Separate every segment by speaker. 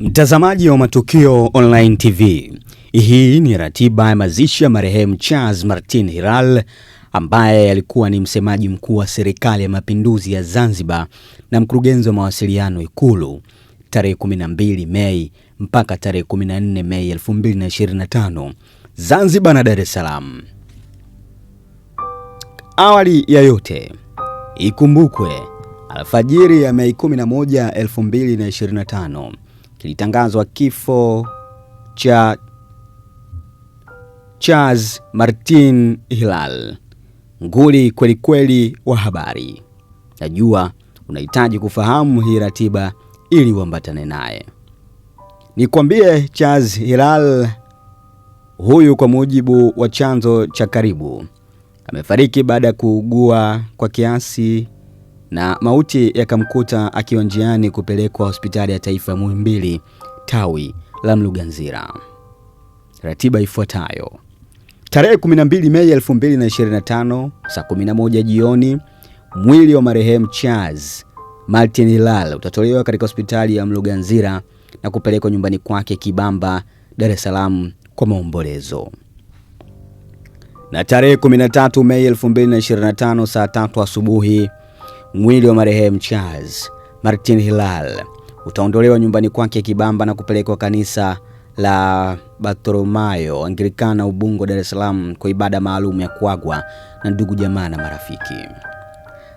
Speaker 1: Mtazamaji wa Matukio Online TV, hii ni ratiba ya mazishi ya marehemu Charles Martin Hilal ambaye alikuwa ni msemaji mkuu wa Serikali ya Mapinduzi ya Zanzibar na mkurugenzi wa mawasiliano Ikulu, tarehe 12 Mei mpaka tarehe 14 Mei 2025, Zanzibar na Dar es Salaam. Awali ya yote, ikumbukwe alfajiri ya Mei 11, 2025 kilitangazwa kifo cha Charles Martin Hilal, nguli kwelikweli wa habari. Najua unahitaji kufahamu hii ratiba ili uambatane naye. Nikwambie, Charles Hilal huyu, kwa mujibu wa chanzo cha karibu, amefariki baada ya kuugua kwa kiasi na mauti yakamkuta akiwa njiani kupelekwa hospitali ya taifa Muhimbili tawi la Mluganzira. Ratiba ifuatayo: tarehe 12 Mei 2025 saa 11 jioni, mwili wa marehemu Charles Martin Hilal utatolewa katika hospitali ya Mluganzira na kupelekwa nyumbani kwake Kibamba, Dar es Salaam kwa maombolezo. Na tarehe 13 Mei 2025 saa 3 asubuhi Mwili wa marehemu Charles Martin Hilal utaondolewa nyumbani kwake Kibamba na kupelekwa kanisa la Bartolomayo Anglikana Ubungo, Dar es Salaam kwa ibada maalum ya kuagwa na ndugu jamaa na marafiki.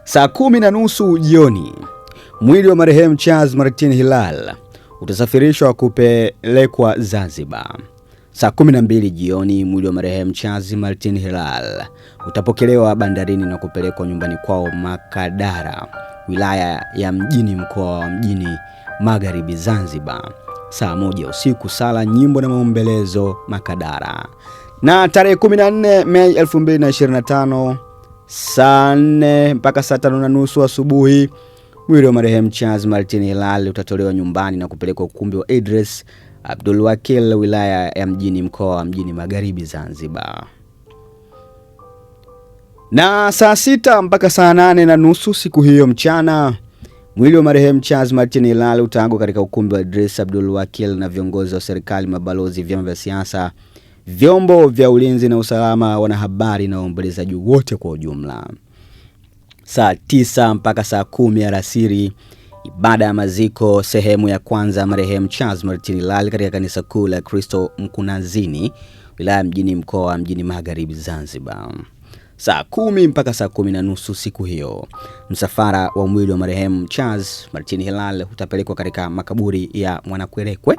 Speaker 1: Saa kumi na nusu jioni mwili wa marehemu Charles Martin Hilal utasafirishwa kupelekwa Zanzibar. Saa 12 jioni mwili wa marehemu Chazi Martin Hilal utapokelewa bandarini na kupelekwa nyumbani kwao Makadara, wilaya ya Mjini, mkoa wa Mjini Magharibi, Zanzibar. Saa moja usiku sala, nyimbo na maombelezo Makadara. Na tarehe 14 Mei 2025 saa 4 mpaka saa tano na nusu asubuhi mwili wa marehemu Charles Martin Hilal utatolewa nyumbani na kupelekwa ukumbi wa Idris Abdul Wakil wilaya ya Mjini mkoa wa Mjini Magharibi Zanzibar. Na saa sita mpaka saa nane na nusu siku hiyo mchana mwili wa marehemu Charles Martin Ilal utaagwa katika ukumbi wa Idris Abdul Wakil na viongozi wa serikali, mabalozi, vyama vya siasa, vyombo vya ulinzi na usalama, wanahabari na waombolezaji wote kwa ujumla. Saa tisa mpaka saa kumi alasiri Ibada ya maziko sehemu ya kwanza ya marehemu Charles Martin Lal katika kanisa kuu la Kristo Mkunazini, wilaya mjini, mkoa wa Mjini Magharibi, Zanzibar, saa kumi mpaka saa kumi na nusu siku hiyo. Msafara wa mwili wa marehemu Charles Martin Hilal utapelekwa katika makaburi ya Mwanakwerekwe,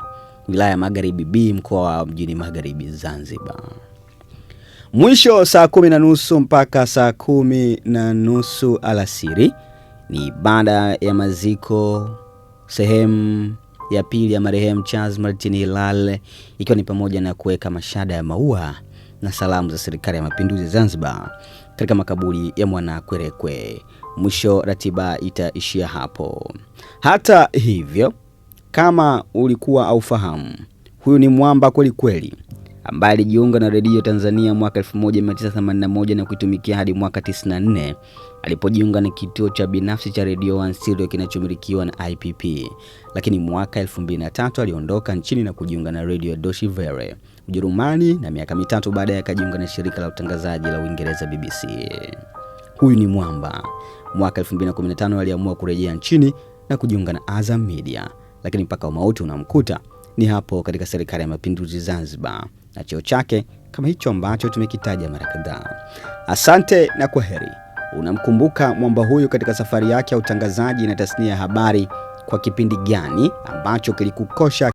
Speaker 1: wilaya ya Magharibi B, mkoa wa Mjini Magharibi, Zanzibar. Mwisho saa kumi na nusu mpaka saa kumi na nusu alasiri ni baada ya maziko sehemu ya pili ya marehemu Charles Martin Hilal, ikiwa ni pamoja na kuweka mashada ya maua na salamu za serikali ya mapinduzi Zanzibar katika makaburi ya Mwanakwerekwe. Mwisho ratiba itaishia hapo. Hata hivyo, kama ulikuwa aufahamu, huyu ni mwamba kweli kweli ambaye alijiunga na redio Tanzania mwaka 1981 na kuitumikia hadi mwaka 94 alipojiunga na kituo cha binafsi cha redio One Stereo kinachomilikiwa na IPP, lakini mwaka 2003 aliondoka nchini na kujiunga na redio Deutsche Welle Ujerumani, na miaka mitatu baadaye akajiunga na shirika la utangazaji la Uingereza BBC. Huyu ni mwamba. Mwaka 2015 aliamua kurejea nchini na kujiunga na Azam Media, lakini mpaka umauti unamkuta ni hapo katika serikali ya mapinduzi Zanzibar na cheo chake kama hicho ambacho tumekitaja mara kadhaa. Asante na kwa heri. Unamkumbuka mwamba huyu katika safari yake ya utangazaji na tasnia ya habari kwa kipindi gani ambacho kilikukosha?